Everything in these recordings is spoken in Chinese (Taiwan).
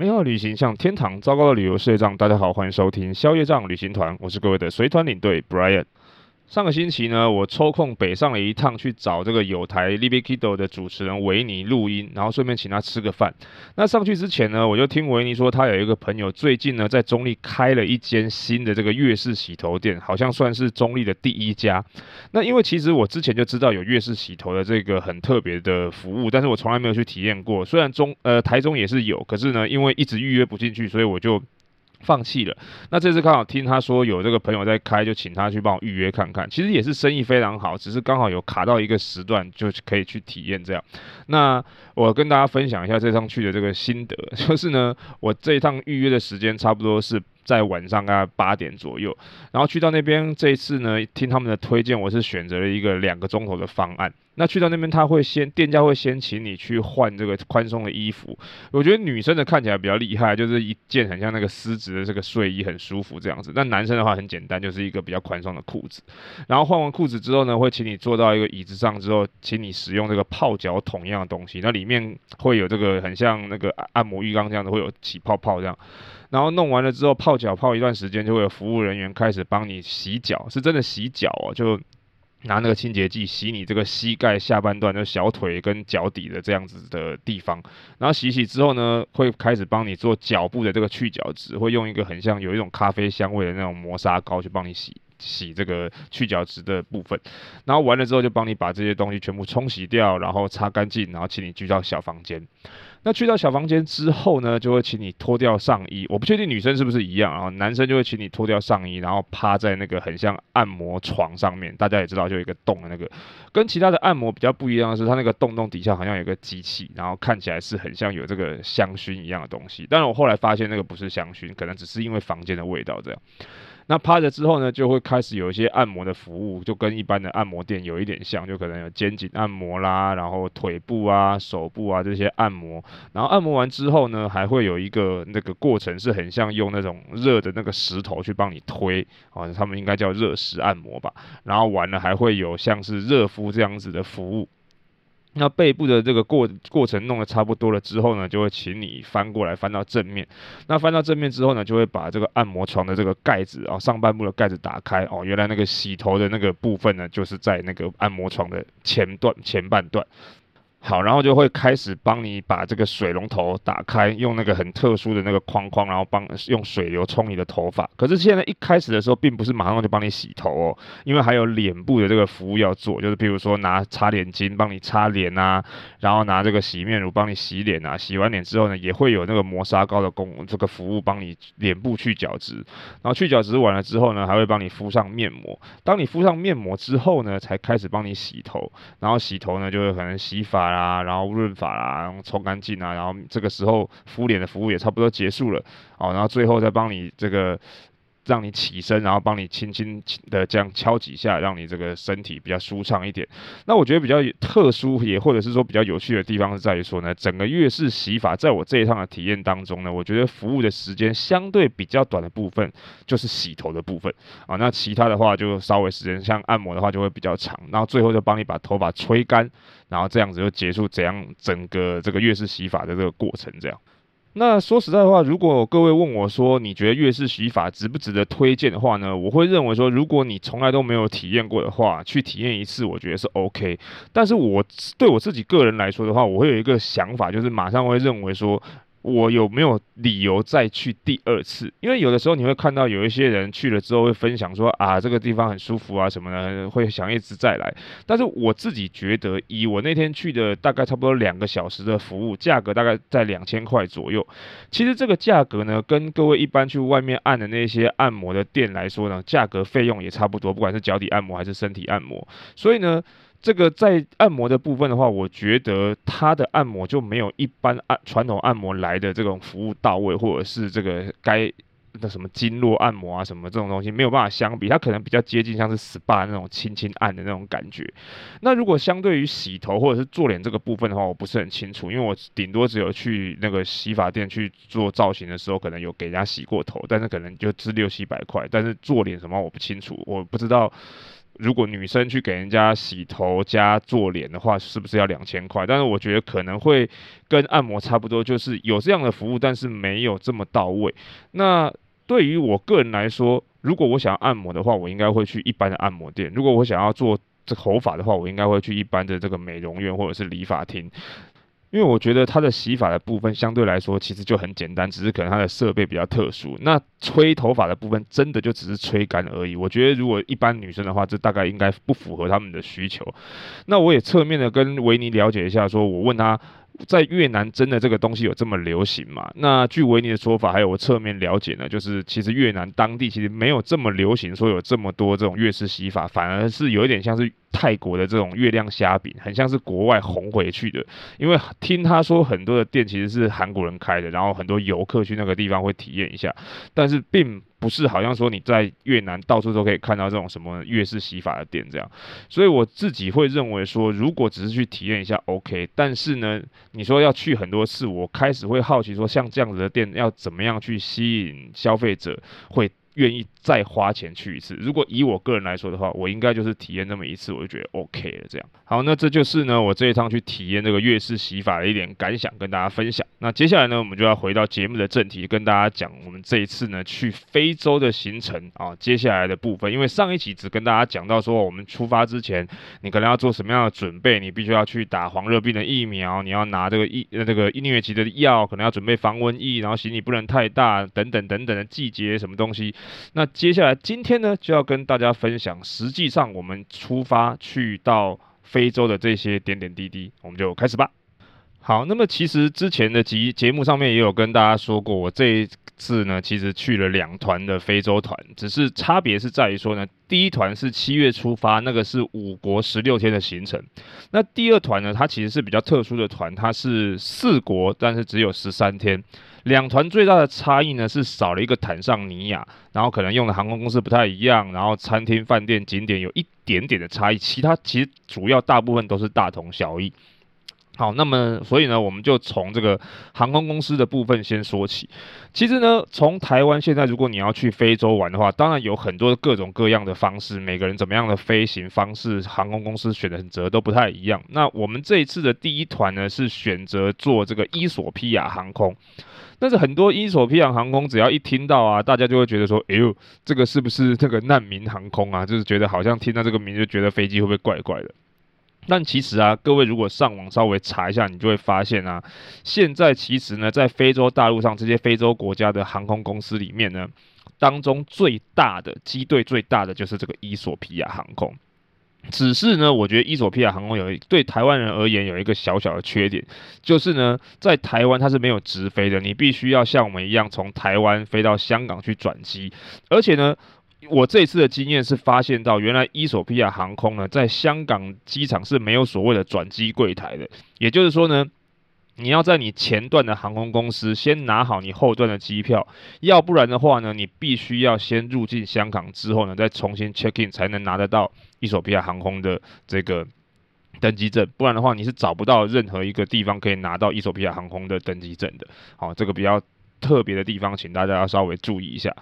美好的旅行像天堂，糟糕的旅游是業障。大家好，歡迎收聽消業障旅行團，我是各位的隨團領隊 Bryan。上個星期呢，我抽空北上了一趟，去找這個友台 Libido 的主持人維尼錄音，然後順便請他吃個飯。那上去之前呢，我就聽維尼說，他有一個朋友最近呢在中壢開了一間新的這個粵式洗頭店，好像算是中壢的第一家。那因為其實我之前就知道有粵式洗頭的這個很特別的服務，但是我從來沒有去體驗過。雖然中呃台中也是有，可是呢，因為一直預約不進去，所以我就。放棄了。那這次剛好聽他說有這個朋友在開，就請他去幫我預約看看。其實也是生意非常好，只是剛好有卡到一個時段，就可以去體驗這樣。那我跟大家分享一下這趟去的這個心得，就是呢，我這一趟預約的時間差不多是。在晚上大概八點左右，然後去到那邊。這一次呢，聽他們的推薦，我是選擇了一個兩個鐘頭的方案。那去到那邊，他會先店家會先請你去換這個寬鬆的衣服。我覺得女生的看起來比較厲害，就是一件很像那個絲質的這個睡衣，很舒服這樣子。但男生的話很簡單，就是一個比較寬鬆的褲子。然後換完褲子之後呢，會請你坐到一個椅子上，之後請你使用這個泡腳桶一樣的東西，那裡面會有這個很像那個按摩浴缸這樣子，會有起泡泡這樣。然後弄完了之後，泡腳泡一段時間，就會有服務人員開始幫你洗腳，是真的洗腳哦，就拿那個清潔劑洗你這個膝蓋下半段，就小腿跟腳底的這樣子的地方。然後洗洗之後呢，會開始幫你做腳部的這個去角質，會用一個很像有一種咖啡香味的那種磨砂膏去幫你洗洗這個去角質的部分。然後完了之後就幫你把這些東西全部沖洗掉，然後擦乾淨，然後請你去到小房間。那去到小房間之後呢，就會請你脫掉上衣。我不確定女生是不是一樣，然後男生就會請你脫掉上衣，然後趴在那個很像按摩床上面。大家也知道，就有一個洞的那個。跟其他的按摩比較不一樣的是，它那個洞洞底下好像有個機器，然後看起來是很像有這個香薰一樣的東西。但是我後來發現那個不是香薰，可能只是因為房間的味道這樣。那趴了之後呢，就會開始有一些按摩的服務，就跟一般的按摩店有一點像，就可能有肩頸按摩啦，然後腿部啊、手部啊這些按摩。然後按摩完之後呢，還會有一個那個過程，是很像用那種熱的那個石頭去幫你推啊，他們應該叫熱石按摩吧。然後完了還會有像是熱敷這樣子的服務。那背部的這個過過程弄得差不多了之後呢，就會請你翻過來，翻到正面。那翻到正面之後呢，就會把這個按摩床的這個蓋子啊，哦，上半部的蓋子打開哦。原來那個洗頭的那個部分呢，就是在那個按摩床的前段，前半段。好，然後就會開始幫你把這個水龍頭打開，用那個很特殊的那個框框，然後幫用水流沖你的頭髮。可是現在一開始的時候，並不是馬上就幫你洗頭哦，因為還有臉部的這個服務要做，就是比如說拿擦臉巾幫你擦臉啊。然後拿這個洗面乳，幫你洗臉啊，洗完臉之後呢，也會有那個磨砂膏的功。這個服務幫你臉部去角質，然後去角質完了之後呢，還會幫你敷上面膜。當你敷上面膜之後呢，才開始幫你洗頭，然後洗頭呢就會可能洗髮啦，然後潤髮啦，然後沖乾淨啊，然後這個時候敷臉的服務也差不多結束了，哦，然後最後再幫你這個。讓你起身，然後幫你輕輕的這樣敲幾下，讓你這個身體比較舒暢一點。那我覺得比較特殊也或者是說比較有趣的地方是在於說呢，整個越式洗髮，在我這一趟的體驗當中呢，我覺得服務的時間相對比較短的部分就是洗頭的部分啊。那其他的話就稍微時間，像按摩的話就會比較長，然後最後就幫你把頭髮吹乾，然後這樣子就結束怎樣整個這個越式洗髮的這個過程這樣。那說實在的話，如果各位問我說，你覺得越式洗髮值不值得推薦的話呢？我會認為說，如果你從來都沒有體驗過的話，去體驗一次，我覺得是 OK。但是我對我自己個人來說的話，我會有一個想法，就是馬上會認為說。我有沒有理由再去第二次？因為有的時候你會看到有一些人去了之後會分享說啊，這個地方很舒服啊什麼的，會想一直再來。但是我自己覺得，以我那天去的大概差不多兩個小時的服務，價格大概在兩千塊左右。其實這個價格呢，跟各位一般去外面按的那些按摩的店來說呢，價格費用也差不多，不管是腳底按摩還是身體按摩。所以呢。這個在按摩的部分的話，我覺得它的按摩就沒有一般按傳統按摩來的這種服務到位，或者是這個該那什麼經絡按摩啊什麼這種東西沒有辦法相比，它可能比較接近像是 SPA 那種輕輕按的那種感覺。那如果相對於洗頭或者是做臉這個部分的話，我不是很清楚，因為我頂多只有去那個洗髮店去做造型的時候，可能有給人家洗過頭，但是可能就值六七百塊，但是做臉什麼我不清楚，我不知道。如果女生去給人家洗頭加做臉的話，是不是要兩千塊？但是我覺得可能會跟按摩差不多，就是有這樣的服務，但是沒有這麼到位。那對於我個人來說，如果我想要按摩的話，我應該會去一般的按摩店；如果我想要做這頭髮的話，我應該會去一般的這個美容院或者是理髮廳。因為我覺得他的洗髮的部分相對來說其實就很簡單，只是可能他的設備比較特殊。那吹頭髮的部分真的就只是吹乾而已。我覺得如果一般女生的話，這大概應該不符合他們的需求。那我也側面的跟維尼了解一下說，說我問他。在越南真的這個東西有這麼流行嘛？那據維尼的說法，還有我側面了解呢，就是其實越南當地其實沒有這麼流行，說有這麼多這種越式洗髮，反而是有一點像是泰國的這種月亮蝦餅，很像是國外紅回去的。因為聽他說，很多的店其實是韓國人開的，然後很多遊客去那個地方會體驗一下，但是并。不是好像說你在越南到處都可以看到這種什麼越式洗髮的店這樣，所以我自己會認為說，如果只是去體驗一下，OK。但是呢，你說要去很多次，我開始會好奇說，像這樣子的店要怎麼樣去吸引消費者會願意。再花錢去一次，如果以我個人來說的話，我應該就是體驗那麼一次，我就覺得 OK 了。這樣好，那這就是呢，我這一趟去體驗這個越式洗髮的一點感想，跟大家分享。那接下來呢，我們就要回到節目的正題，跟大家講我們這一次呢去非洲的行程啊、哦，接下來的部分。因為上一期只跟大家講到說，我們出發之前你可能要做什麼樣的準備，你必須要去打黃熱病的疫苗，你要拿這個疫那、這個瘧疾的藥，可能要準備防蚊液，然後行李不能太大，等等等等的季節什麼東西，那。接下來今天呢，就要跟大家分享，實際上我們出發去到非洲的這些點點滴滴，我們就開始吧。好，那麼其實之前的集節目上面也有跟大家說過，我這一次呢，其實去了兩團的非洲團，只是差別是在於說呢，第一團是七月出發，那個是五國十六天的行程，那第二團呢，它其實是比較特殊的團，它是四國，但是只有十三天。兩團最大的差異呢，是少了一個坦桑尼亞，然後可能用的航空公司不太一樣，然後餐廳、飯店、景點有一點點的差異，其他其實主要大部分都是大同小異。好，那麼所以呢，我們就從這個航空公司的部分先說起。其實呢，從台灣現在，如果你要去非洲玩的話，當然有很多各種各樣的方式，每個人怎麼樣的飛行方式，航空公司選擇都不太一樣。那我們這一次的第一團呢，是選擇坐這個衣索比亞航空。但是很多衣索比亞航空，只要一聽到啊，大家就會覺得說，哎呦，這個是不是這個難民航空啊？就是覺得好像聽到這個名字就覺得飛機會不會怪怪的。但其實啊，各位如果上網稍微查一下，你就會發現啊，現在其實呢，在非洲大陸上這些非洲國家的航空公司裡面呢，當中最大的機隊，最大的就是這個衣索比亞航空。只是呢，我覺得衣索比亞航空有一對台灣人而言有一個小小的缺點，就是呢，在台灣它是沒有直飛的，你必須要像我們一樣從台灣飛到香港去轉機，而且呢。我這次的經驗是發現到，原來伊索比亞航空呢，在香港機場是沒有所謂的轉機櫃檯的。也就是說呢，你要在你前段的航空公司先拿好你後段的機票，要不然的話呢，你必須要先入境香港之後呢，再重新 check in 才能拿得到伊索比亞航空的這個登機證。不然的話，你是找不到任何一個地方可以拿到伊索比亞航空的登機證的。好，這個比較特別的地方，請大家要稍微注意一下。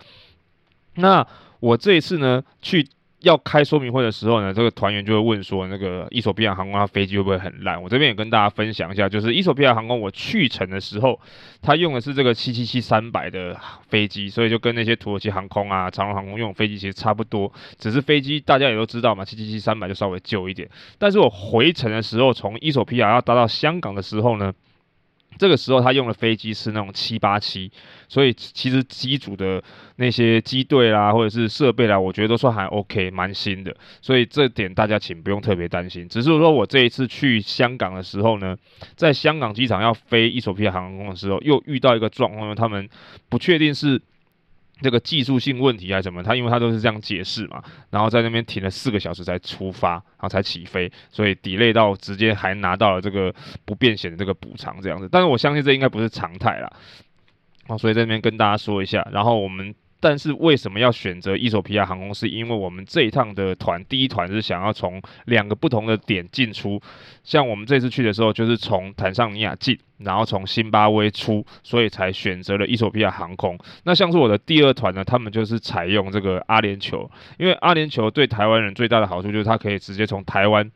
那。我這一次呢去要開說明會的時候呢，這個團員就會問說，那個伊索比亞航空它飛機會不會很爛？我這邊也跟大家分享一下，就是伊索比亞航空我去程的時候，它用的是這個七七七三百的飛機，所以就跟那些土耳其航空啊、長隆航空用飛機其實差不多，只是飛機大家也都知道嘛，七七七三百就稍微舊一點。但是我回程的時候，從伊索比亞要搭到香港的時候呢。這個時候他用的飛機是那種七八七，所以其實機組的那些機隊啦，或者是設備啦，我覺得都算還 OK，蠻新的。所以這點大家請不用特別擔心。只是說我這一次去香港的時候呢，在香港機場要飛一手批航空的時候，又遇到一個狀況呢，他們不確定是。這個技術性問題還是什麼，他因為他都是這樣解釋嘛，然後在那邊停了四個小時才出發，然後才起飛，所以 delay 到直接還拿到了這個不便險的這個補償這樣子，但是我相信這應該不是常態啦，啊，所以在那邊跟大家說一下，然後我們。但是為什麼要選擇衣索比亞航空？是因為我們這一趟的團第一團是想要從兩個不同的點進出，像我們這次去的時候就是從坦尚尼亞進，然後從辛巴威出，所以才選擇了衣索比亞航空。那像是我的第二團呢，他們就是採用這個阿聯酋，因為阿聯酋對台灣人最大的好處就是它可以直接從台灣。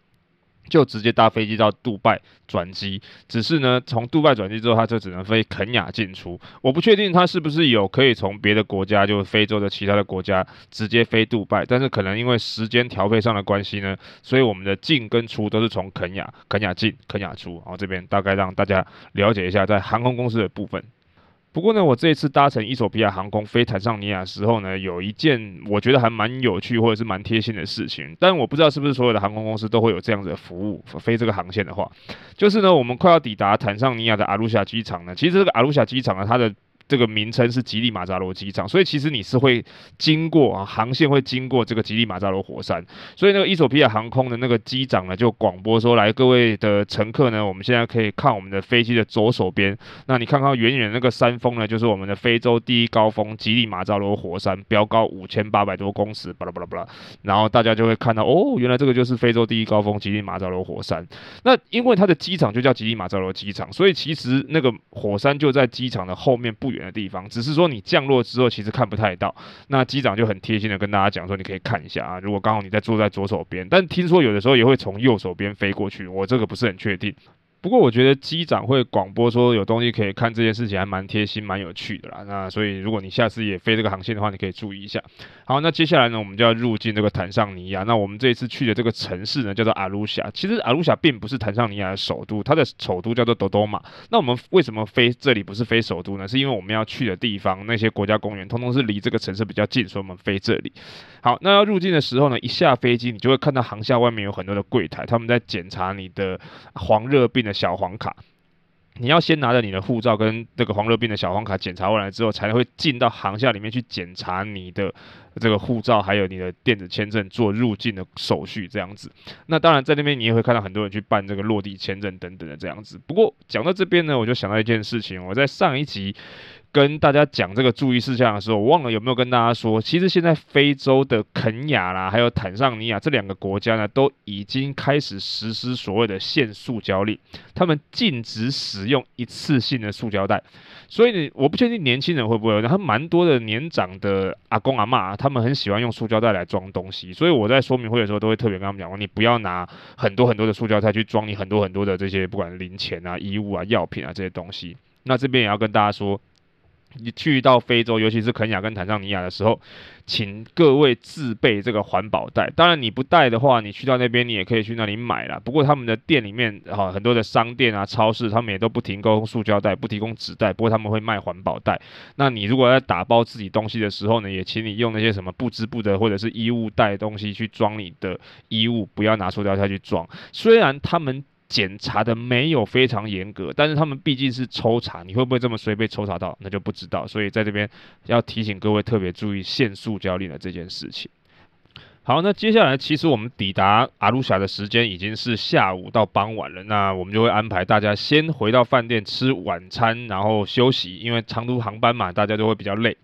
就直接搭飛機到杜拜轉機，只是呢，從杜拜轉機之後，他就只能飛肯亞進出。我不確定他是不是有可以從別的國家，就非洲的其他的國家直接飛杜拜，但是可能因為時間調配上的關係呢，所以我們的進跟出都是從肯亞，肯亞進，肯亞出。然後，哦，這邊大概讓大家了解一下在航空公司的部分。不過呢，我這一次搭乘衣索比亞航空飛坦桑尼亞的時候呢，有一件我覺得還蠻有趣或者是蠻貼心的事情，但我不知道是不是所有的航空公司都會有這樣子的服務，飛這個航線的話，就是呢，我們快要抵達坦桑尼亞的阿魯夏機場呢，其實這個阿魯夏機場呢，它的這個名稱是吉利馬扎羅機場，所以其實你是會經過啊，航線會經過這個吉利馬扎羅火山，所以那個衣索比亞航空的那個機長呢，就廣播說：來，各位的乘客呢，我們現在可以看我們的飛機的左手邊，那你看看遠遠那個山峰呢，就是我們的非洲第一高峰吉利馬扎羅火山，標高五千八百多公尺，巴拉巴拉巴拉，然後大家就會看到，哦，原來這個就是非洲第一高峰吉利馬扎羅火山。那因為它的機場就叫吉利馬扎羅機場，所以其實那個火山就在機場的後面不遠的地方，只是說你降落之後其實看不太到。那機長就很貼心的跟大家講說，你可以看一下啊，如果剛好你在坐在左手邊，但聽說有的時候也會從右手邊飛過去，我這個不是很確定。不過我覺得機長會廣播說有東西可以看這件事情還蠻貼心、蠻有趣的啦。那所以如果你下次也飛這個航線的話，你可以注意一下。好，那接下來呢，我們就要入境這個坦尚尼亞。那我們這一次去的這個城市呢，叫做阿魯夏。其實阿魯夏並不是坦尚尼亞的首都，它的首都叫做多多馬。那我們為什麼飛這裡不是飛首都呢？是因為我們要去的地方那些國家公園通通是離這個城市比較近，所以我們飛這裡。好，那要入境的時候呢，一下飛機你就會看到航廈外面有很多的櫃台，他們在檢查你的黃熱病的小黃卡，你要先拿着你的護照跟那個黃熱病的小黃卡檢查完之後，才會進到航廈裡面去檢查你的這個護照，還有你的電子簽證做入境的手續這樣子。那當然在那邊你也會看到很多人去辦這個落地簽證等等的這樣子。不過講到這邊呢，我就想到一件事情，我在上一集。跟大家講這個注意事項的時候，我忘了有沒有跟大家說，其實現在非洲的肯亞啦，還有坦尚尼亞這兩個國家呢，都已經開始實施所謂的限塑膠令，他們禁止使用一次性的塑膠袋。所以呢，我不確定年輕人會不會，但蠻多的年長的阿公阿嬤，他們很喜歡用塑膠袋來裝東西。所以我在說明會的時候，都會特別跟他們講，你不要拿很多很多的塑膠袋去裝你很多很多的這些，不管零錢啊、衣物啊、藥品啊這些東西。那這邊也要跟大家說。你去到非洲，尤其是肯雅跟坦桑尼亞的時候，請各位自備這個環保袋。當然你不帶的話，你去到那邊你也可以去那裡買了。不過他們的店裡面哈、啊，很多的商店啊、超市，他們也都不提供塑膠袋，不提供紙袋。不過他們會賣環保袋。那你如果在打包自己東西的時候呢，也請你用那些什麼不織布的或者是衣物袋的東西去裝你的衣物，不要拿塑料袋去裝。雖然他們，檢查的沒有非常嚴格，但是他們畢竟是抽查，你會不會這麼隨便抽查到，那就不知道。所以在這邊要提醒各位特別注意限速教練的這件事情。好，那接下來其實我們抵達阿魯莎的時間已經是下午到傍晚了，那我們就會安排大家先回到飯店吃晚餐，然後休息，因為長途航班嘛，大家都會比較累。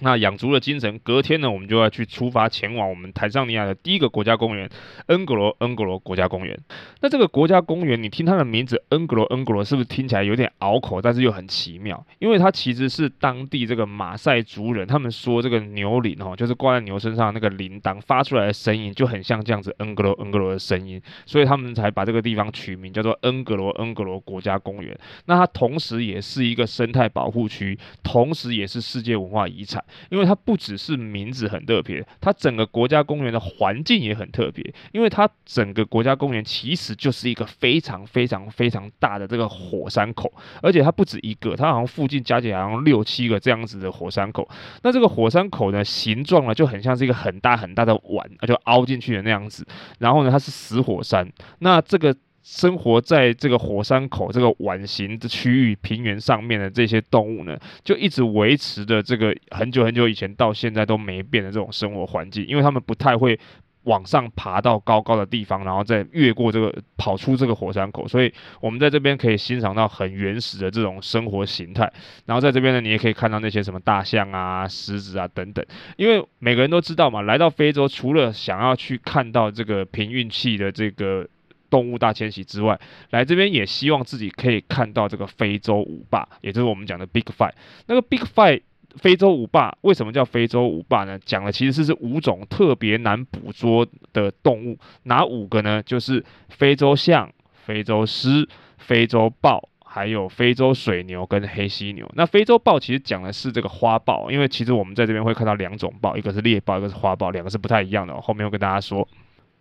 那養足了精神，隔天呢，我們就要去出發前往我們坦桑尼亞的第一個國家公園——恩格羅恩格羅國家公園。那這個國家公園，你聽它的名字“恩格羅恩格羅”，是不是聽起來有點拗口，但是又很奇妙？因為它其實是當地這個馬賽族人他們說這個牛鈴哦，就是掛在牛身上那個鈴鐺發出來的聲音，就很像這樣子“恩格羅恩格羅”的聲音，所以他們才把這個地方取名叫做恩格羅恩格羅國家公園。那它同時也是一個生態保護區，同時也是世界文化遺產。因為它不只是名字很特別，它整個國家公園的環境也很特別。因為它整個國家公園其實就是一個非常非常非常大的這個火山口，而且它不止一個，它好像附近加起來好像六七個這樣子的火山口。那這個火山口呢，形狀呢就很像是一個很大很大的碗，那就凹進去的那樣子。然後呢，它是死火山。那這個。生活在這個火山口這個碗形的區域平原上面的這些動物呢，就一直維持着這個很久很久以前到現在都沒變的這種生活環境，因為他們不太會往上爬到高高的地方，然後再越過這個跑出這個火山口，所以我們在這邊可以欣賞到很原始的這種生活形態。然後在這邊呢，你也可以看到那些什麼大象啊、獅子啊等等，因為每個人都知道嘛，來到非洲除了想要去看到這個憑運氣的這個。動物大遷徙之外，來這邊也希望自己可以看到這個非洲五霸，也就是我們講的 Big Five。那個 Big Five 非洲五霸為什麼叫非洲五霸呢？講的其實是這五種特別難捕捉的動物，哪五個呢？就是非洲象、非洲獅、非洲豹，還有非洲水牛跟黑犀牛。那非洲豹其實講的是這個花豹，因為其實我們在這邊會看到兩種豹，一個是獵豹，一個是花豹，兩個是不太一樣的哦。後面我會跟大家說。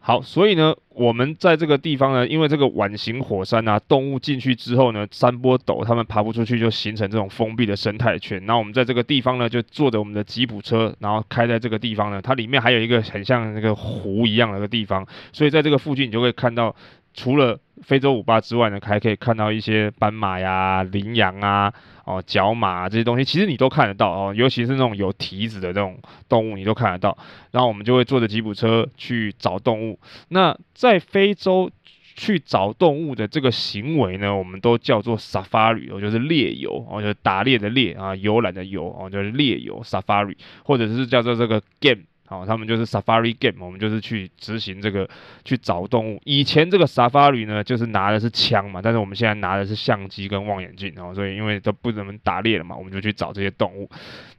好，所以呢，我們在這個地方呢，因為這個碗形火山啊，動物進去之後呢，山坡陡，它們爬不出去，就形成這種封閉的生態圈。然後我們在這個地方呢，就坐着我們的吉普車，然後開在這個地方呢，它裡面還有一個很像那個湖一樣的一個地方，所以在這個附近你就會看到。除了非洲五霸之外呢，還可以看到一些斑馬呀、羚羊、呃、啊、哦，角馬啊這些東西，其實你都看得到哦、呃，尤其是那種有蹄子的這種動物，你都看得到。然後我們就會坐着吉普車去找動物。那在非洲去找動物的這個行為呢，我們都叫做 safari，我就是獵遊，哦、呃、就是打獵的獵啊，遊、呃、覽的遊哦、呃、就是獵遊 safari，或者是叫做這個 game。哦，他們就是 Safari game，我們就是去執行這個去找動物。以前這個 Safari 呢，就是拿的是槍嘛，但是我們現在拿的是相機跟望遠鏡。哦，所以因為都不怎麼打獵了嘛，我們就去找這些動物。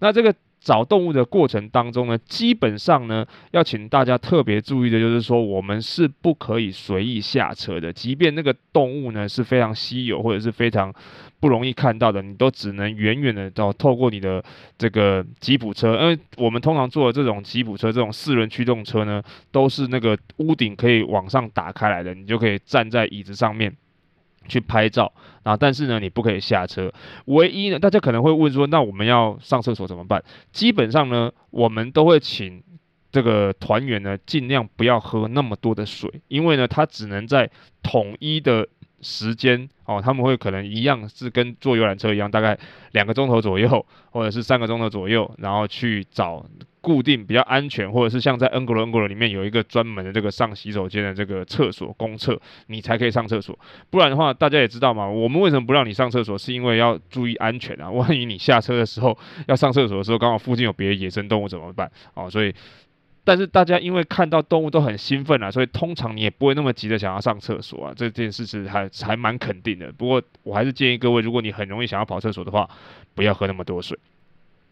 那這個找動物的過程當中呢，基本上呢，要請大家特別注意的就是說，我們是不可以隨意下車的，即便那個動物呢是非常稀有或者是非常。不容易看到的，你都只能遠遠的到透過你的這個吉普車，因為我們通常坐的這種吉普車，這種四輪驅動車呢，都是那個屋頂可以往上打開來的，你就可以站在椅子上面去拍照。然後，啊，但是呢，你不可以下車。唯一呢，大家可能會問說，那我們要上廁所怎麼辦？基本上呢，我們都會請這個團員呢，盡量不要喝那麼多的水，因為呢，他只能在統一的。時間哦，他們會可能一樣是跟坐遊覽車一樣，大概兩個鐘頭左右，或者是三個鐘頭左右，然後去找固定比較安全，或者是像在恩格羅恩格羅裡面有一個專門的這個上洗手間的這個廁所公廁，你才可以上廁所。不然的話，大家也知道嘛，我們為什麼不讓你上廁所？是因為要注意安全啊，萬一你下車的時候要上廁所的時候，剛好附近有別的野生動物怎麼辦哦，所以。但是大家因為看到動物都很興奮啊，所以通常你也不會那麼急着想要上廁所啊。這件事情還還蠻肯定的。不過我還是建議各位，如果你很容易想要跑廁所的話，不要喝那麼多水。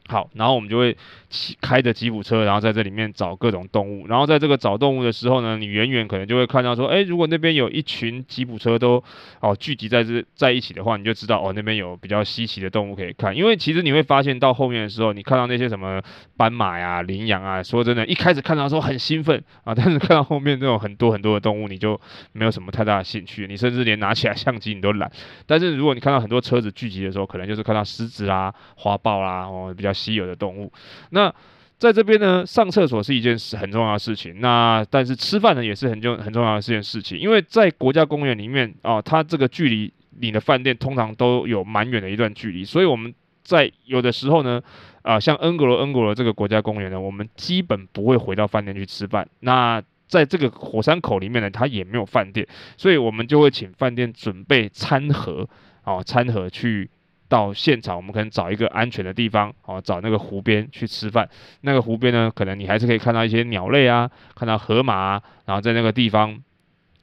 好，然後我們就會騎開着吉普車，然後在這裡面找各種動物。然後在這個找動物的時候呢，你遠遠可能就會看到說，哎，如果那邊有一群吉普車都哦聚集在這在一起的話，你就知道哦那邊有比較稀奇的動物可以看。因為其實你會發現到後面的時候，你看到那些什麼斑馬呀、羚羊啊，說真的，一開始看到的時候很興奮啊，但是看到後面那種很多很多的動物，你就沒有什麼太大的興趣，你甚至連拿起來相機你都懶。但是如果你看到很多車子聚集的時候，可能就是看到獅子啊、花豹啦，哦比較。啊，稀有的動物。那在這邊呢，上廁所是一件很重要的事情。那但是吃飯呢，也是很重很重要的一件事情。因為在國家公園裡面啊，它這個距離你的飯店通常都有蠻遠的一段距離，所以我們在有的時候呢，啊，像恩格羅恩格羅這個國家公園呢，我們基本不會回到飯店去吃飯。那在這個火山口裡面呢，它也沒有飯店，所以我們就會請飯店準備餐盒啊，餐盒去，到現場，我們可能找一個安全的地方啊，哦，找那個湖邊去吃飯。那個湖邊呢，可能你還是可以看到一些鳥類啊，看到河馬啊，然後在那個地方，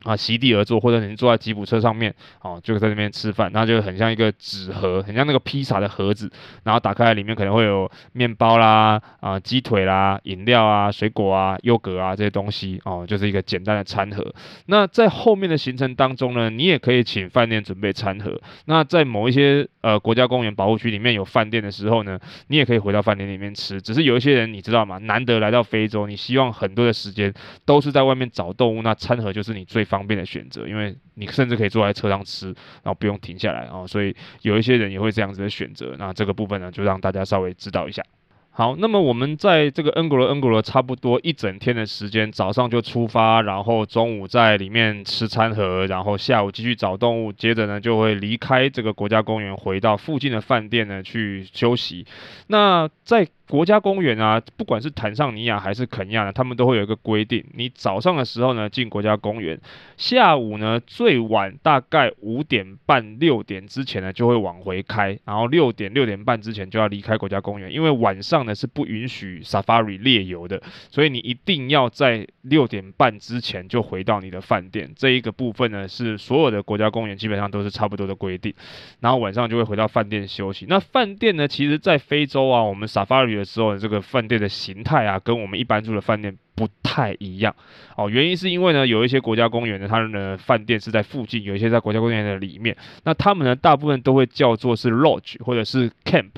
啊，席地而坐，或者你坐在吉普車上面，哦，就在那邊吃飯，那就很像一個紙盒，很像那個披薩的盒子，然後打開來裡面可能會有麵包啦，啊、呃，雞腿啦，飲料啊，水果啊，優格啊這些東西，哦，就是一個簡單的餐盒。那在後面的行程當中呢，你也可以請飯店準備餐盒。那在某一些呃國家公園保護區裡面有飯店的時候呢，你也可以回到飯店裡面吃。只是有一些人，你知道嗎？難得來到非洲，你希望很多的時間都是在外面找動物，那餐盒就是你最。方便的選擇，因為你甚至可以坐在車上吃，然後不用停下來啊、哦，所以有一些人也會這樣子的選擇。那這個部分呢，就讓大家稍微知道一下。好，那麼我們在這個恩戈羅恩戈羅差不多一整天的時間，早上就出發，然後中午在裡面吃餐盒，然後下午繼續找動物，接着呢就會離開這個國家公園，回到附近的飯店呢去休息。那在國家公園啊，不管是坦尚尼亞還是肯亞呢，他們都會有一個規定：你早上的時候呢進國家公園，下午呢最晚大概五點半六點之前呢就會往回開，然後六點六點半之前就要離開國家公園，因為晚上呢是不允許 safari 獵遊的，所以你一定要在六點半之前就回到你的飯店。這一個部分呢是所有的國家公園基本上都是差不多的規定，然後晚上就會回到飯店休息。那飯店呢，其實在非洲啊，我們 safari 的時候，這個飯店的型態，啊，跟我們一般住的飯店不太一樣哦，原因是因為呢，有一些國家公園呢，它的飯店是在附近，有一些在國家公園的裡面。那他們呢，大部分都會叫做是 lodge 或者是 camp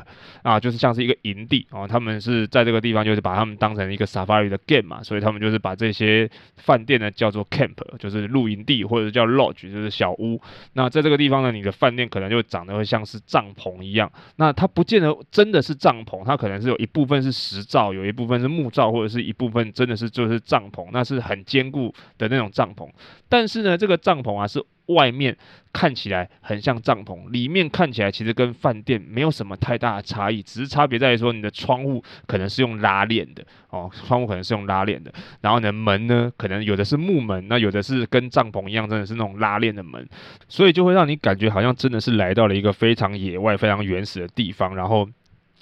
啊，就是像是一個營地啊、哦。他們是在這個地方，就是把他們當成一個 safari 的 game 嘛，所以他們就是把這些飯店呢叫做 camp，就是露營地或者叫 lodge，就是小屋。那在這個地方呢，你的飯店可能就長得會像是帳篷一樣。那它不見得真的是帳篷，它可能是有一部分是石造，有一部分是木造，或者是一部分真的是。就是帳篷，那是很堅固的那種帳篷。但是呢，這個帳篷啊，是外面看起來很像帳篷，裡面看起來其實跟飯店沒有什麼太大的差異，只是差別在於說，你的窗戶可能是用拉鏈的哦，窗戶可能是用拉鏈的。然後呢，門呢，可能有的是木門，那有的是跟帳篷一樣，真的是那種拉鏈的門，所以就會讓你感覺好像真的是來到了一個非常野外、非常原始的地方，然後。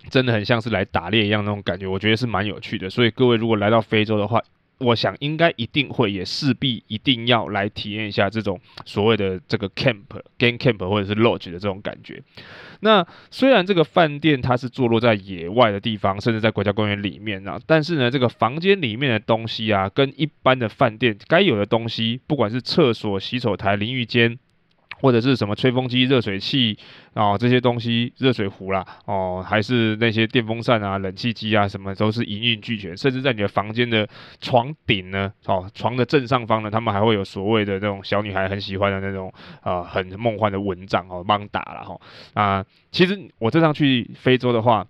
真的很像是來打獵一樣的那種感覺，我覺得是蠻有趣的。所以各位如果來到非洲的話，我想應該一定會也勢必一定要來體驗一下這種所謂的這個 camp game camp 或者是 lodge 的這種感覺。那雖然這個飯店它是坐落在野外的地方，甚至在國家公園裡面啊，但是呢，這個房間裡面的東西啊，跟一般的飯店該有的東西，不管是廁所、洗手台、淋浴間，或者是什麼吹風機、熱水器哦，這些東西、熱水壺啦，哦，還是那些電風扇啊、冷氣機啊，什麼都是一應俱全。甚至在你的房間的床頂呢，哦，床的正上方呢，他們還會有所謂的那種小女孩很喜歡的那種啊、呃，很夢幻的蚊帳哦，幫你打了哈啊。其實我這趟去非洲的話。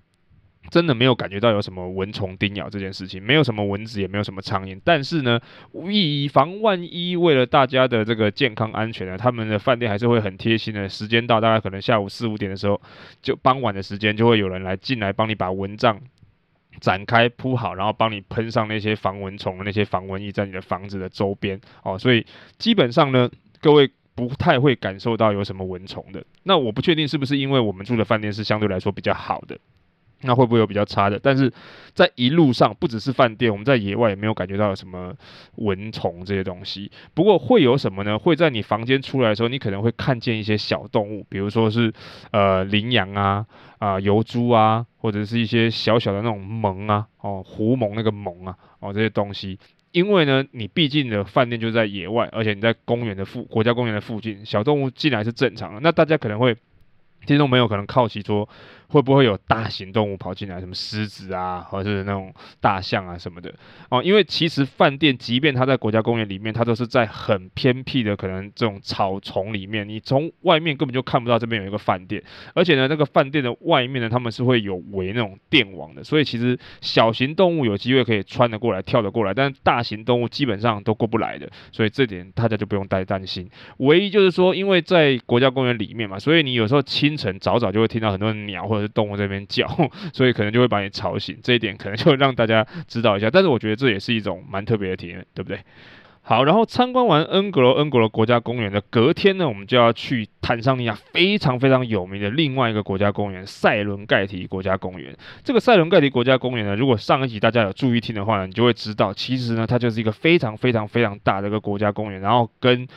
真的沒有感覺到有什麼蚊蟲叮咬這件事情，沒有什麼蚊子，也沒有什麼蒼蠅。但是呢，以防萬一，為了大家的這個健康安全呢，他們的飯店還是會很貼心的。時間到，大概可能下午四五點的時候，就傍晚的時間，就會有人來進來幫你把蚊帳展開鋪好，然後幫你噴上那些防蚊蟲的那些防蚊液在你的房子的周邊哦。所以基本上呢，各位不太會感受到有什麼蚊蟲的。那我不確定是不是因為我們住的飯店是相對來說比較好的。那會不會有比較差的？但是在一路上，不只是飯店，我們在野外也沒有感覺到有什麼蚊蟲這些東西。不過會有什麼呢？會在你房間出來的時候，你可能會看見一些小動物，比如說是呃羚羊啊、啊疣豬啊，或者是一些小小的那種獴啊哦狐獴那個獴啊哦這些東西。因為呢，你畢竟你的飯店就在野外，而且你在公園的附國家公園的附近，小動物進來是正常的。那大家可能會。聽眾朋友可能好奇說，會不會有大型動物跑進來，什麼獅子啊，或者是那種大象啊什麼的哦？因為其實飯店，即便它在國家公園裡面，它都是在很偏僻的，可能這種草叢裡面，你從外面根本就看不到這邊有一個飯店。而且呢，那個飯店的外面呢，他們是會有圍那種電網的，所以其實小型動物有機會可以穿得過來、跳得過來，但是大型動物基本上都過不來的，所以這點大家就不用太擔心。唯一就是說，因為在國家公園裡面嘛，所以你有時候親。早早就會聽到很多鳥或者是動物在那邊叫，所以可能就會把你吵醒。這一點可能就讓大家知道一下，但是我覺得這也是一種蠻特別的體驗，對不對？好，然後參觀完恩格羅恩格羅國家公園的隔天呢，我們就要去坦桑尼亞非常非常有名的另外一個國家公園——塞倫蓋提國家公園。這個塞倫蓋提國家公園呢，如果上一集大家有注意聽的話呢，你就會知道，其實呢，它就是一個非常非常非常大的一個國家公園，然後跟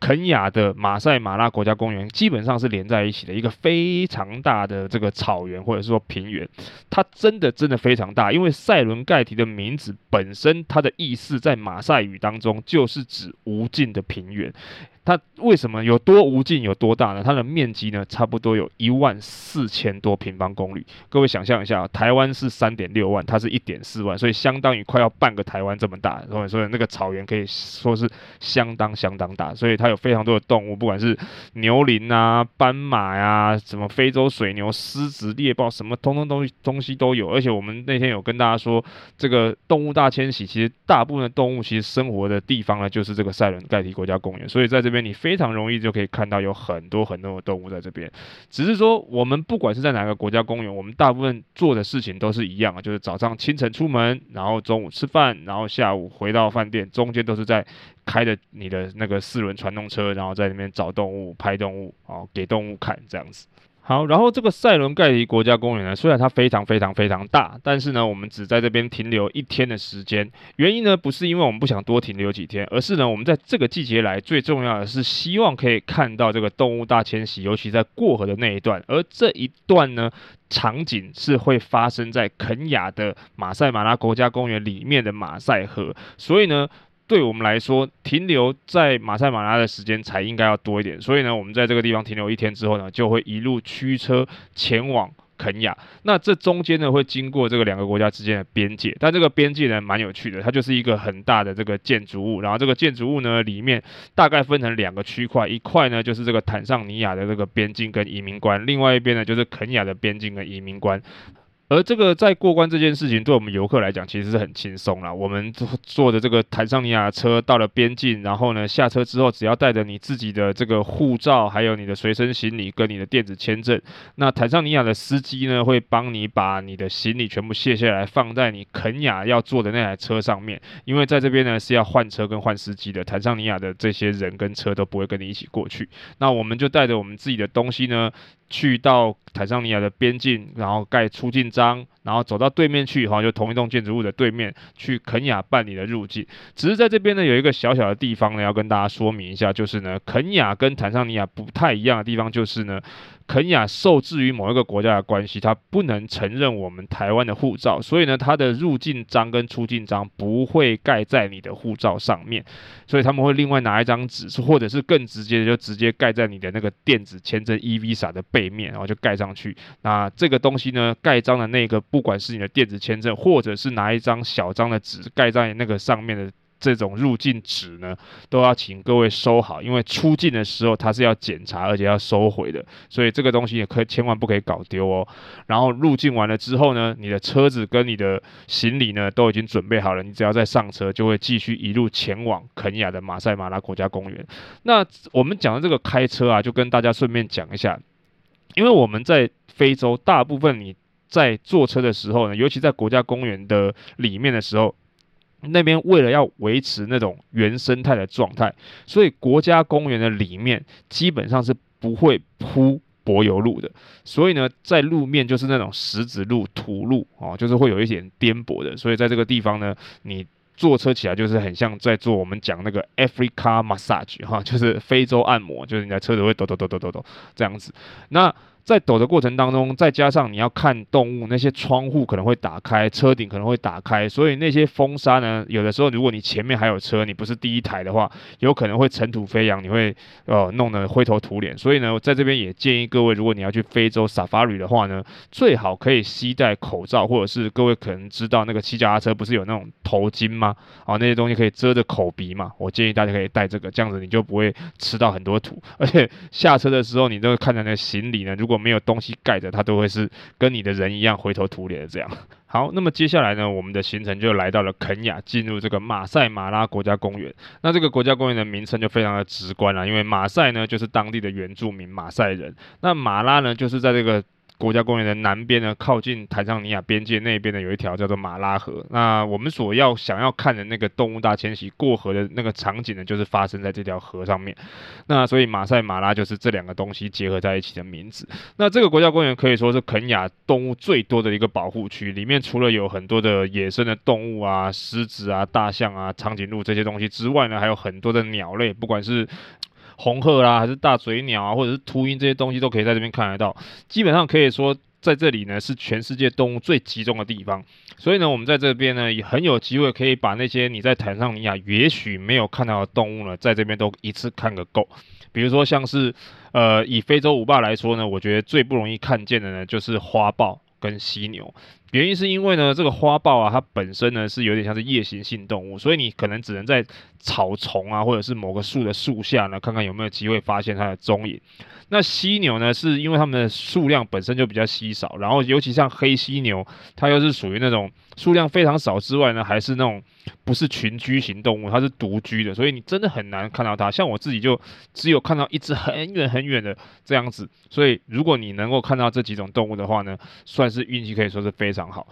肯雅的馬賽馬拉國家公園基本上是連在一起的一個非常大的這個草原，或者說平原，它真的真的非常大，因為塞倫蓋提的名字本身，它的意思在馬賽語當中就是指無盡的平原。它為什麼有多無盡有多大呢？它的面積呢，差不多有一萬四千多平方公里。各位想象一下，啊，台灣是三點六萬，它是一點四萬，所以相當於快要半個台灣這麼大。所以，所以那個草原可以說是相當相當大。所以它有非常多的動物，不管是牛羚啊、斑馬呀、啊、什麼非洲水牛、獅子、獵豹，什麼通通東西東西都有。而且我們那天有跟大家說，這個動物大遷徙，其實大部分動物其實生活的地方呢，就是這個塞倫蓋蒂國家公園。所以在這邊。你非常容易就可以看到有很多很多的動物在這邊，只是說我們不管是在哪個國家公園，我們大部分做的事情都是一樣，就是早上清晨出門，然後中午吃飯，然後下午回到飯店，中間都是在開着你的那個四輪傳動車，然後在那邊找動物、拍動物啊，給動物看這樣子。好，然後這個塞倫蓋提國家公園呢，雖然它非常非常非常大，但是呢，我們只在這邊停留一天的時間。原因呢，不是因為我們不想多停留幾天，而是呢，我們在這個季節來，最重要的是希望可以看到這個動物大遷徙，尤其在過河的那一段。而這一段呢，場景是會發生在肯亞的馬賽馬拉國家公園裡面的馬賽河，所以呢。對我們來說，停留在馬賽馬拉的時間才應該要多一點，所以呢，我們在這個地方停留一天之後呢，就會一路驅車前往肯亞。那這中間呢，會經過這個兩個國家之間的邊界，但這個邊界呢，蠻有趣的，它就是一個很大的這個建築物，然後這個建築物呢，裡面大概分成兩個區塊，一塊呢就是這個坦尚尼亞的這個邊境跟移民關，另外一邊呢就是肯亞的邊境跟移民關。而這個在過關這件事情，對我們遊客來講，其實是很輕鬆了。我們坐坐的這個坦桑尼亞車到了邊境，然後呢，下車之後，只要帶着你自己的這個護照，還有你的隨身行李跟你的電子簽證，那坦桑尼亞的司機呢，會幫你把你的行李全部卸下來，放在你肯亞要坐的那台車上面。因為在這邊呢是要換車跟換司機的，坦桑尼亞的這些人跟車都不會跟你一起過去。那我們就帶着我們自己的東西呢，去到坦桑尼亞的邊境，然後蓋出境章，然後走到對面去，以後就同一棟建築物的對面去肯亞辦理的入境。只是在這邊呢，有一個小小的地方呢，要跟大家說明一下，就是呢，肯亞跟坦桑尼亞不太一樣的地方，就是呢。肯亞受制於某一個國家的關係，它不能承認我們台灣的護照，所以呢，它的入境章跟出境章不會蓋在你的護照上面，所以他們會另外拿一張紙，或者是更直接的，就直接蓋在你的那個電子簽證 e-visa 的背面，然後就蓋上去。那這個東西呢，蓋章的那個，不管是你的電子簽證，或者是拿一張小張的紙蓋在那個上面的。這種入境紙呢，都要請各位收好，因為出境的時候它是要檢查，而且要收回的，所以這個東西也可以千萬不可以搞丟哦。然後入境完了之後呢，你的車子跟你的行李呢都已經準備好了，你只要再上車，就會繼續一路前往肯亞的馬賽馬拉國家公園。那我們講的這個開車啊，就跟大家順便講一下，因為我們在非洲，大部分你在坐車的時候呢，尤其在國家公園的裡面的時候。那邊為了要維持那種原生態的狀態，所以國家公園的裡面基本上是不會鋪柏油路的。所以呢，在路面就是那種石子路、土路哦，就是會有一點顛簸的。所以在這個地方呢，你坐車起來就是很像在做我們講那個 Africa Massage 哈，就是非洲按摩，就是你的車子會抖抖抖抖抖抖這樣子。那在抖的過程當中，再加上你要看動物，那些窗戶可能會打開，車頂可能會打開，所以那些風沙呢，有的時候如果你前面還有車，你不是第一台的話，有可能會塵土飛揚，你會呃弄得灰頭土臉。所以呢，在這邊也建議各位，如果你要去非洲 safari 的話呢，最好可以攜帶口罩，或者是各位可能知道那個騎腳踏車不是有那種頭巾嗎？啊，那些東西可以遮着口鼻嘛。我建議大家可以戴這個，這樣子你就不會吃到很多土，而且下車的時候你都看在那個行李呢，如果沒有東西蓋着，它都會是跟你的人一樣灰頭土臉的這樣。好，那麼接下來呢，我們的行程就來到了肯亞，進入這個馬賽馬拉國家公園。那這個國家公園的名稱就非常的直觀了，因為馬賽呢就是當地的原住民馬賽人，那馬拉呢就是在這個。國家公園的南邊呢，靠近坦桑尼亞邊界那邊呢，有一條叫做馬拉河。那我們所要想要看的那個動物大遷徙過河的那個場景呢，就是發生在這條河上面。那所以馬賽馬拉就是這兩個東西結合在一起的名字。那這個國家公園可以說是肯亞動物最多的一個保護區，裡面除了有很多的野生的動物啊，獅子啊、大象啊、長頸鹿這些東西之外呢，還有很多的鳥類，不管是。紅鶴啦，還是大嘴鳥啊，或者是禿鷹這些東西，都可以在這邊看得到。基本上可以說，在這裡呢是全世界動物最集中的地方。所以呢，我們在這邊呢也很有機會，可以把那些你在坦尚尼亞也許沒有看到的動物呢，在這邊都一次看個夠。比如說，像是呃以非洲五霸來說呢，我覺得最不容易看見的呢，就是花豹跟犀牛。原因是因為呢，這個花豹啊，它本身呢是有點像是夜行性動物，所以你可能只能在草叢啊，或者是某個樹的樹下呢，看看有沒有機會發現它的蹤影。那犀牛呢，是因為它們的數量本身就比較稀少，然後尤其像黑犀牛，它又是屬於那種數量非常少之外呢，還是那種不是群居型動物，它是獨居的，所以你真的很難看到它。像我自己就只有看到一隻很遠很遠的這樣子。所以如果你能夠看到這幾種動物的話呢，算是運氣可以說是非常。很好，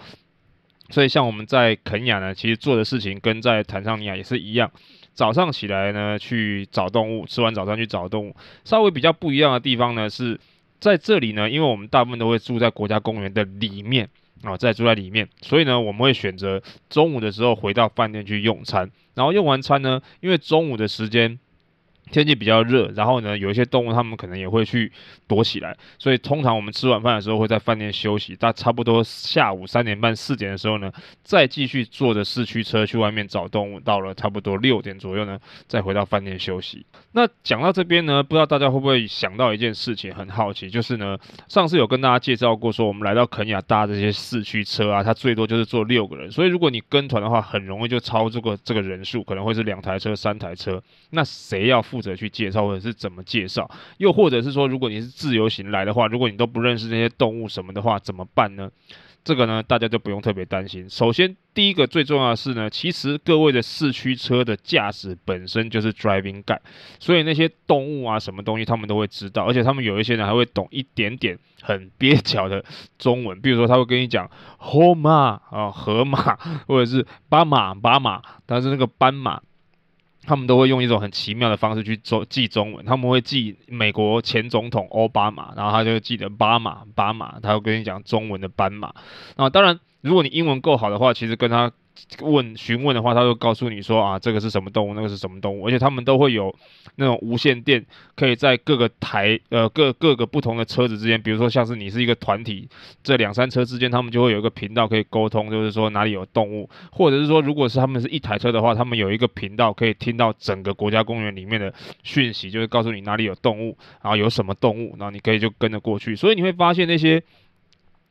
所以像我們在肯亞呢，其實做的事情跟在坦桑尼亞也是一樣。早上起來呢，去找動物，吃完早餐去找動物。稍微比較不一樣的地方呢，是在這裡呢，因為我們大部分都會住在國家公園的裡面啊，在、哦、住在裡面，所以呢我們會選擇中午的時候回到飯店去用餐。然後用完餐呢，因為中午的時間，天氣比較熱，然後呢，有一些動物它們可能也會去躲起來，所以通常我們吃完飯的時候會在飯店休息。到差不多下午三點半、四點的時候呢，再繼續坐着四驅車去外面找動物。到了差不多六點左右呢，再回到飯店休息。那講到這邊呢，不知道大家會不會想到一件事情，很好奇，就是呢，上次有跟大家介紹過說我們來到肯亞搭這些四驅車啊，它最多就是坐六個人，所以如果你跟團的話，很容易就超這個這個人數，可能會是兩台車、三台車，那誰要付？者去介紹或者是怎麼介紹，又或者是說，如果你是自由行來的話，如果你都不認識那些動物什麼的話，怎麼辦呢？這個呢，大家就不用特別擔心。首先，第一個最重要的是呢，其實各位的四驅車的駕駛本身就是 driving guide，所以那些動物啊，什麼東西他們都會知道，而且他們有一些人還會懂一點點很蹩腳的中文，比如說他會跟你講河馬啊，河馬或者是斑馬，斑馬，但是那個斑馬。他們都會用一種很奇妙的方式去做記中文，他們會記美國前總統奧巴馬，然後他就記得巴馬巴馬，他會跟你講中文的斑馬。那、啊、當然，如果你英文夠好的話，其實跟他。問詢問的話，他就告訴你說啊，這個是什麼動物，那個是什麼動物，而且他們都會有那種無線電，可以在各個台呃各各個不同的車子之間，比如說像是你是一個團體，這兩三車之間，他們就會有一個頻道可以溝通，就是說哪裡有動物，或者是說如果是他們是一台車的話，他們有一個頻道可以聽到整個國家公園裡面的訊息，就是告訴你哪裡有動物，然後有什麼動物，然後你可以就跟着過去，所以你會發現那些。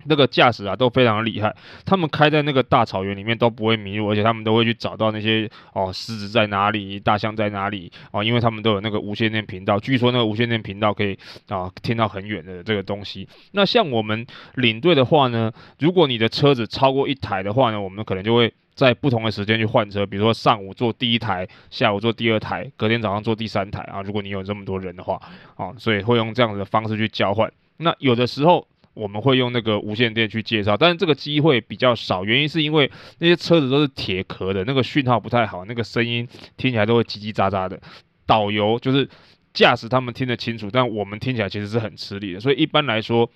那個駕駛啊都非常厲害，他們開在那個大草原裡面都不會迷路，而且他們都會去找到那些哦，獅子在哪裡，大象在哪裡哦，因為他們都有那個無線電頻道，據說那個無線電頻道可以啊、哦、聽到很遠的這個東西。那像我們領隊的話呢，如果你的車子超過一台的話呢，我們可能就會在不同的時間去換車，比如說上午坐第一台，下午坐第二台，隔天早上坐第三台啊。如果你有這麼多人的話啊、哦，所以會用這樣子的方式去交換。那有的時候。我們會用那個無線電去介紹，但是這個機會比較少，原因是因為那些車子都是鐵殼的，那個訊號不太好，那個聲音聽起來都會嘰嘰喳喳的。導遊就是駕駛，他們聽得清楚，但我們聽起來其實是很吃力的，所以一般來說。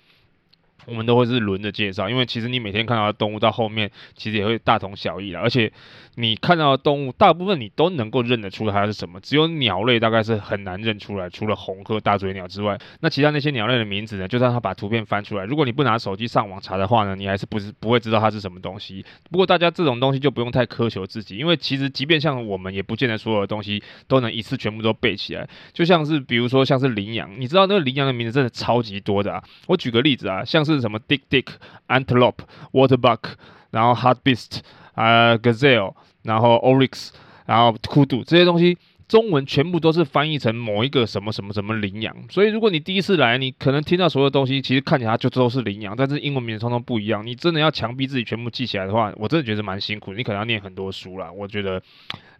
我們都會是輪著介紹，因為其實你每天看到的動物到後面其實也會大同小異啦。而且你看到的動物大部分你都能夠認得出它是什麼，只有鳥類大概是很難認出來，除了紅鶴、大嘴鳥之外，那其他那些鳥類的名字呢，就算它把圖片翻出來。如果你不拿手機上網查的話呢，你還是不是不會知道它是什麼東西。不過大家這種東西就不用太苛求自己，因為其實即便像我們也不見得所有的東西都能一次全部都背起來。就像是比如說像是羚羊，你知道那個羚羊的名字真的超級多的啊。我舉個例子啊，像。是什麼 Dik-dik，Antelope，Waterbuck 然後 Hartebeest 啊，Gazelle，然後 Oryx，然後 Kudu，這些東西中文全部都是翻譯成某一個什麼什麼什麼羚羊。所以如果你第一次來，你可能聽到所有的東西，其實看起來它就都是羚羊，但是英文名通通不一樣。你真的要強逼自己全部記起來的話，我真的覺得蠻辛苦。你可能要念很多書了。我覺得，誒、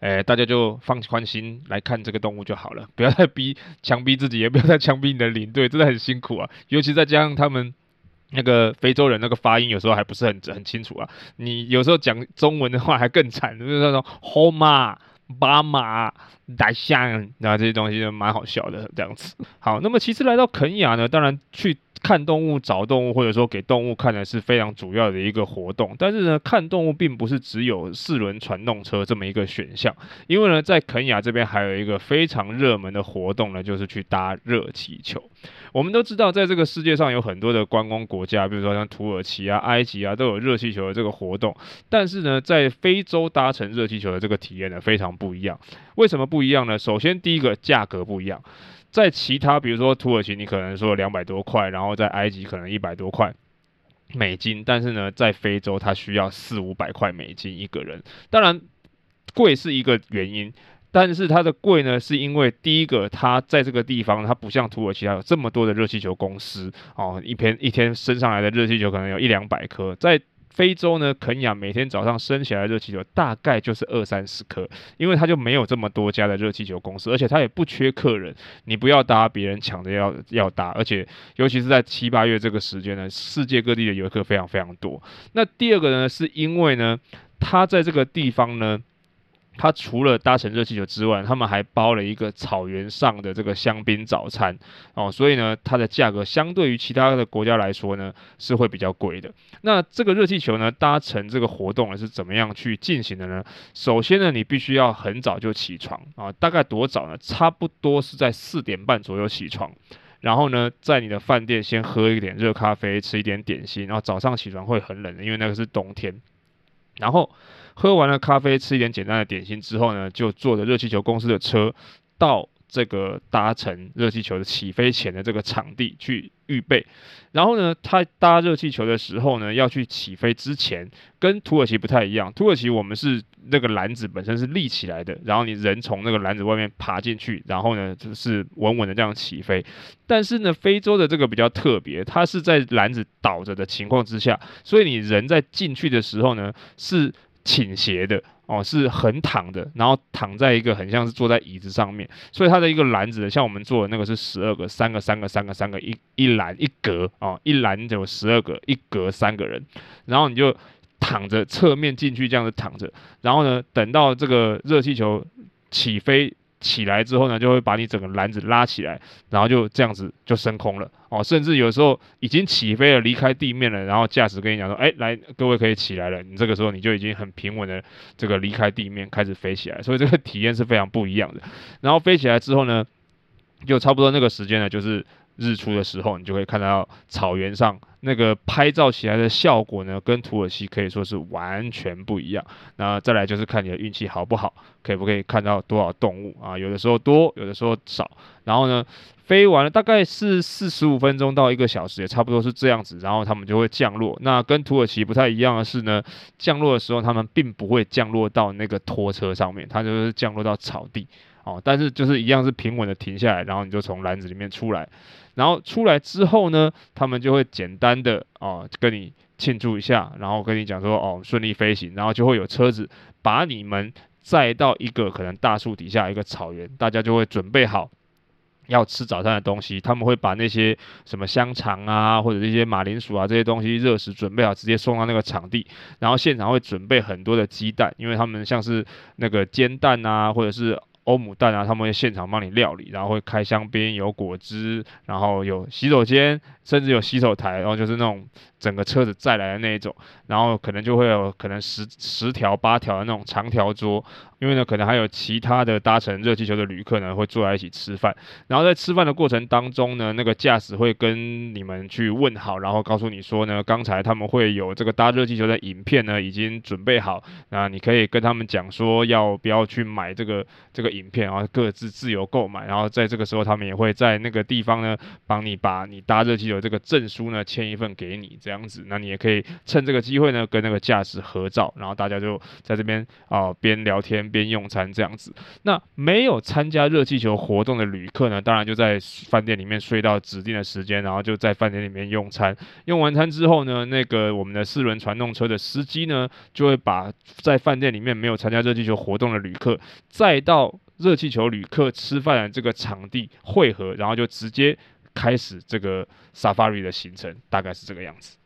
呃，大家就放寬心來看這個動物就好了，不要再逼強逼自己，也不要再強逼你的領隊，真的很辛苦啊。尤其再加上他們。那個非洲人那個發音有時候還不是很很清楚啊，你有時候講中文的話還更慘，就是那種媽巴馬大象，那、啊、這些東西就蠻好笑的這樣子。好，那麼其實來到肯亞呢，當然去看動物、找動物，或者說給動物看，的是非常主要的一個活動。但是呢，看動物並不是只有四輪傳動車這麼一個選項，因為呢，在肯亞這邊還有一個非常熱門的活動呢，就是去搭熱氣球。我們都知道，在這個世界上有很多的觀光國家，比如說像土耳其啊、埃及啊，都有熱氣球的這個活動。但是呢，在非洲搭乘熱氣球的這個體驗呢，非常不一樣。為什麼不一樣呢？首先，第一個價格不一樣。在其他，比如說土耳其，你可能說兩百多塊，然後在埃及可能一百多塊美金。但是呢，在非洲，它需要四五百塊美金一個人。當然，貴是一個原因。但是它的貴呢，是因為第一個，它在這個地方，它不像土耳其，它有這麼多的熱氣球公司哦，一天一天升上來的熱氣球可能有一兩百顆。在非洲呢，肯亞每天早上升起來熱氣球大概就是二三十顆，因為它就沒有這麼多家的熱氣球公司，而且它也不缺客人。你不要搭別人搶着要要搭，而且尤其是在七八月這個時間呢，世界各地的遊客非常非常多。那第二個呢，是因為呢，它在這個地方呢。它除了搭乘熱氣球之外，他們還包了一個草原上的這個香檳早餐哦，所以呢，它的價格相對於其他的國家來說呢，是會比較貴的。那這個熱氣球呢，搭乘這個活動是怎麼樣去進行的呢？首先呢，你必須要很早就起床啊，哦，大概多早呢？差不多是在四點半左右起床，然後呢，在你的飯店先喝一點熱咖啡，吃一點點心，然後早上起床會很冷的，因為那個是冬天。然後喝完了咖啡，吃一點簡單的點心之後呢，就坐着熱氣球公司的車到這個搭乘熱氣球的起飛前的這個場地去預備，然後呢，他搭熱氣球的時候呢，要去起飛之前，跟土耳其不太一樣。土耳其我們是那個籃子本身是立起來的，然後你人從那個籃子外面爬進去，然後呢就是穩穩的這樣起飛。但是呢，非洲的這個比較特別，它是在籃子倒着的情況之下，所以你人在進去的時候呢是傾斜的。哦，是橫躺的，然後躺在一個很像是坐在椅子上面，所以它的一個籃子像我們坐的那個是十二個，三個三個三個三個一一籃一格啊，一籃就有十二個，一格三、哦、個人，然後你就躺着側面進去，這樣子躺着，然後呢，等到這個熱氣球起飛。起來之後呢，就會把你整個籃子拉起來，然後就這樣子就升空了哦。甚至有時候已經起飛了，離開地面了，然後駕駛跟你講說：“哎，來，各位可以起來了。”你這個時候你就已經很平穩的這個離開地面，開始飛起來，所以這個體驗是非常不一樣的。然後飛起來之後呢，就差不多那個時間呢，就是。日出的時候，你就會看到草原上那個拍照起來的效果呢，跟土耳其可以說是完全不一樣。那再來就是看你的運氣好不好，可不可以看到多少動物啊？有的時候多，有的時候少。然後呢，飛完了大概是四十五分鐘到一個小時，也差不多是這樣子。然後他們就會降落。那跟土耳其不太一樣的是呢，降落的時候他們並不會降落到那個拖車上面，它就是降落到草地。哦，但是就是一樣是平穩的停下來，然後你就從籃子裡面出來，然後出來之後呢，他們就會簡單的哦跟你慶祝一下，然後跟你講說哦順利飛行，然後就會有車子把你們載到一個可能大樹底下一個草原，大家就會準備好要吃早餐的東西，他們會把那些什麼香腸啊或者這些馬鈴薯啊這些東西熱食準備好，直接送到那個場地，然後現場會準備很多的雞蛋，因為他們像是那個煎蛋啊或者是。歐姆蛋啊，他們會現場幫你料理，然後會開香檳，有果汁，然後有洗手間，甚至有洗手台，然後就是那種。整個車子載來的那一種，然後可能就會有可能十十條八條的那種長條桌，因為呢，可能還有其他的搭乘熱氣球的旅客呢會坐在一起吃飯，然後在吃飯的過程當中呢，那個駕駛會跟你們去問好，然後告訴你說呢，剛才他們會有這個搭熱氣球的影片呢已經準備好，那你可以跟他們講說要不要去買這個這個影片，然後各自自由購買，然後在這個時候他們也會在那個地方呢幫你把你搭熱氣球這個證書呢簽一份給你。這樣子，那你也可以趁這個機會呢，跟那個駕駛合照，然後大家就在這邊啊、呃、邊聊天邊用餐這樣子。那沒有參加熱氣球活動的旅客呢，當然就在飯店裡面睡到指定的時間，然後就在飯店裡面用餐。用完餐之後呢，那個我們的四輪傳動車的司機呢，就會把在飯店裡面沒有參加熱氣球活動的旅客，再到熱氣球旅客吃飯的這個場地匯合，然後就直接開始這個 Safari 的行程，大概是這個樣子。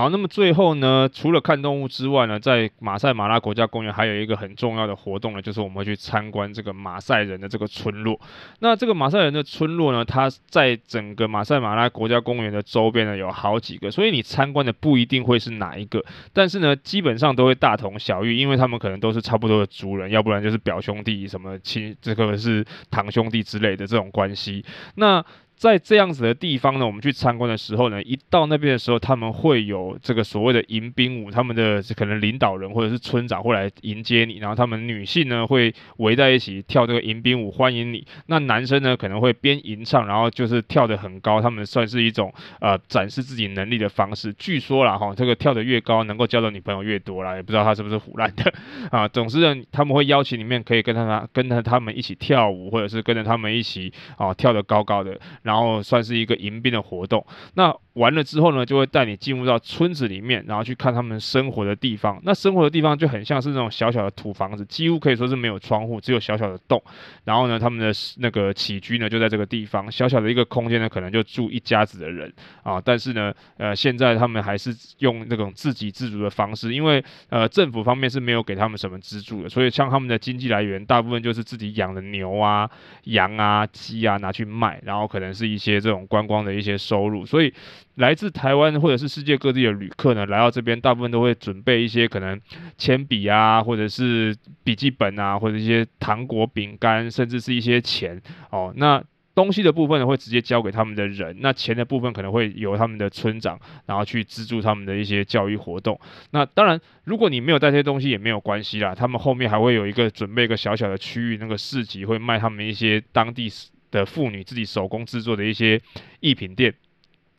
好，那麼最後呢，除了看動物之外呢，在馬賽馬拉國家公園還有一個很重要的活動呢，就是我們會去參觀這個馬賽人的這個村落。那這個馬賽人的村落呢，它在整個馬賽馬拉國家公園的周邊呢，有好幾個，所以你參觀的不一定會是哪一個，但是呢，基本上都會大同小異，因為他們可能都是差不多的族人，要不然就是表兄弟，什麼親，這個是堂兄弟之類的這種關係。那在這樣子的地方呢，我們去參觀的時候呢，一到那邊的時候，他們會有這個所謂的迎賓舞，他們的可能領導人或者是村長會來迎接你，然後他們女性呢會圍在一起跳這個迎賓舞歡迎你。那男生呢可能會邊吟唱，然後就是跳得很高，他們算是一種啊、呃、展示自己能力的方式。據說啦哈，這個跳得越高，能夠交到女朋友越多啦，也不知道他是不是唬爛的啊。總之呢，他們會邀請你們可以跟他，跟着他們一起跳舞，或者是跟着他們一起啊、呃、跳得高高的。然後算是一個迎賓的活動。那完了之後呢，就會帶你進入到村子裡面，然後去看他們生活的地方。那生活的地方就很像是那種小小的土房子，幾乎可以說是沒有窗戶，只有小小的洞。然後呢，他們的那個起居呢就在這個地方，小小的一個空間呢，可能就住一家子的人啊。但是呢，呃，現在他們還是用那種自給自足的方式，因為呃政府方面是沒有給他們什麼資助的，所以像他們的經濟來源，大部分就是自己養的牛啊、羊啊、雞啊拿去賣，然後可能。是一些這種觀光的一些收入，所以來自台灣或者是世界各地的旅客呢，來到這邊，大部分都會準備一些可能鉛筆啊，或者是筆記本啊，或者一些糖果、餅乾，甚至是一些錢哦。那東西的部分呢，會直接交給他們的人；那錢的部分可能會由他們的村長，然後去資助他們的一些教育活動。那當然，如果你沒有帶這些東西也沒有關係啦，他們後面還會有一個準備一個小小的區域，那個市集會賣他們一些當地。的婦女自己手工製作的一些藝品店，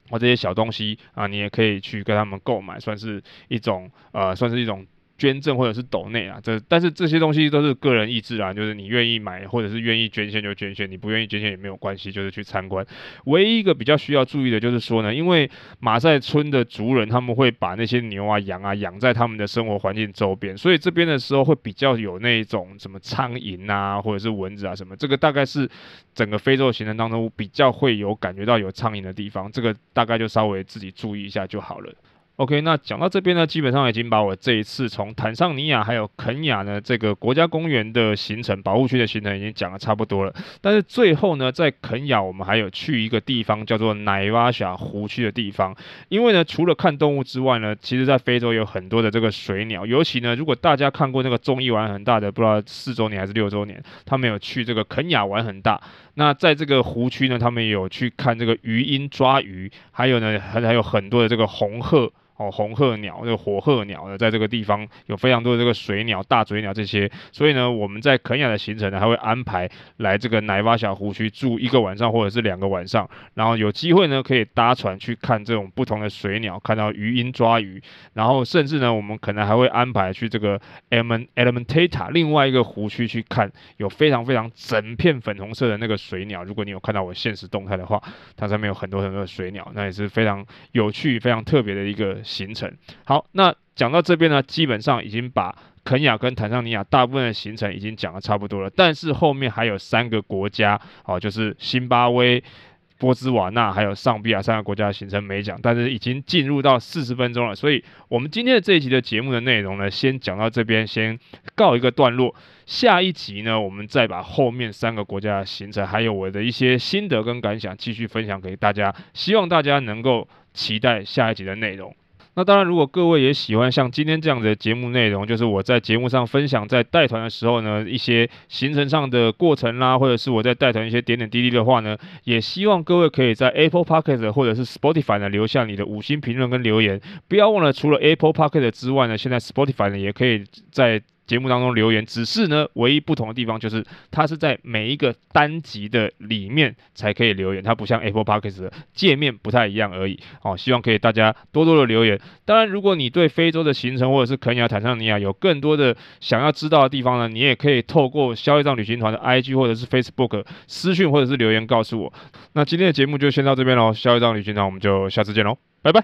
或這些小東西啊，你也可以去跟他們購買，算是一種，呃，算是一種捐贈或者是抖內啊，這，但是這些東西都是個人意志啊，就是你願意買或者是願意捐獻就捐獻，你不願意捐獻也沒有關係，就是去參觀。唯一一個比較需要注意的就是說呢，因為馬賽村的族人他們會把那些牛啊羊啊養在他們的生活環境周邊，所以這邊的時候會比較有那種什麼蒼蠅啊或者是蚊子啊什麼，這個大概是整個非洲行程當中比較會有感覺到有蒼蠅的地方，這個大概就稍微自己注意一下就好了。OK，那講到這邊呢，基本上已經把我這一次從坦桑尼亞還有肯亞呢這個國家公園的行程，保護區的行程已經講得差不多了。但是最後呢，在肯亞我們還有去一個地方叫做奈瓦夏湖區的地方，因為呢，除了看動物之外呢，其實在非洲有很多的這個水鳥，尤其呢，如果大家看過那個綜藝玩很大的，不知道四周年還是六周年，他們有去這個肯亞玩很大。那在這個湖區呢，他們有去看這個魚鷹抓魚，還有呢，還還有很多的這個紅鶴。哦，紅鶴鳥、那、這個火鶴鳥呢，在這個地方有非常多的這個水鳥、大嘴鳥這些，所以呢，我們在肯亞的行程呢，還會安排來這個奈瓦夏湖區住一個晚上，或者是兩個晚上，然後有機會呢，可以搭船去看這種不同的水鳥，看到魚鷹抓魚，然後甚至呢，我們可能還會安排去這個 Elementaita 另外一個湖區去看，有非常非常整片粉紅色的那個水鳥。如果你有看到我現實動態的話，它上面有很多很多的水鳥，那也是非常有趣、非常特別的一個。行程。好，那講到這邊呢，基本上已經把肯亞跟坦桑尼亞大部分的行程已經講得差不多了。但是後面還有三個國家，哦，就是辛巴威、波茲瓦納還有尚比亞三個國家的行程沒講，但是已經進入到四十分鐘了。所以我們今天的這一集的節目的內容呢，先講到這邊，先告一個段落。下一集呢，我們再把後面三個國家的行程，還有我的一些心得跟感想繼續分享給大家。希望大家能夠期待下一集的內容。那當然，如果各位也喜歡像今天這樣的節目內容，就是我在節目上分享在帶團的時候呢，一些行程上的過程啦，啊，或者是我在帶團一些點點滴滴的話呢，也希望各位可以在 Apple Podcast 或者是 Spotify 呢留下你的五星評論跟留言。不要忘了，除了 Apple Podcast 之外呢，現在 Spotify 呢也可以在。節目當中留言，只是呢，唯一不同的地方就是它是在每一個單集的裡面才可以留言，它不像 Apple Podcast 的介面不太一樣而已。哦，希望可以大家多多的留言。當然，如果你對非洲的行程或者是肯亞、坦桑尼亞有更多的想要知道的地方呢，你也可以透過消業障旅行團的 IG 或者是 Facebook 私訊或者是留言告訴我。那今天的節目就先到這邊嘍消業障旅行團，我們就下次見嘍，拜拜。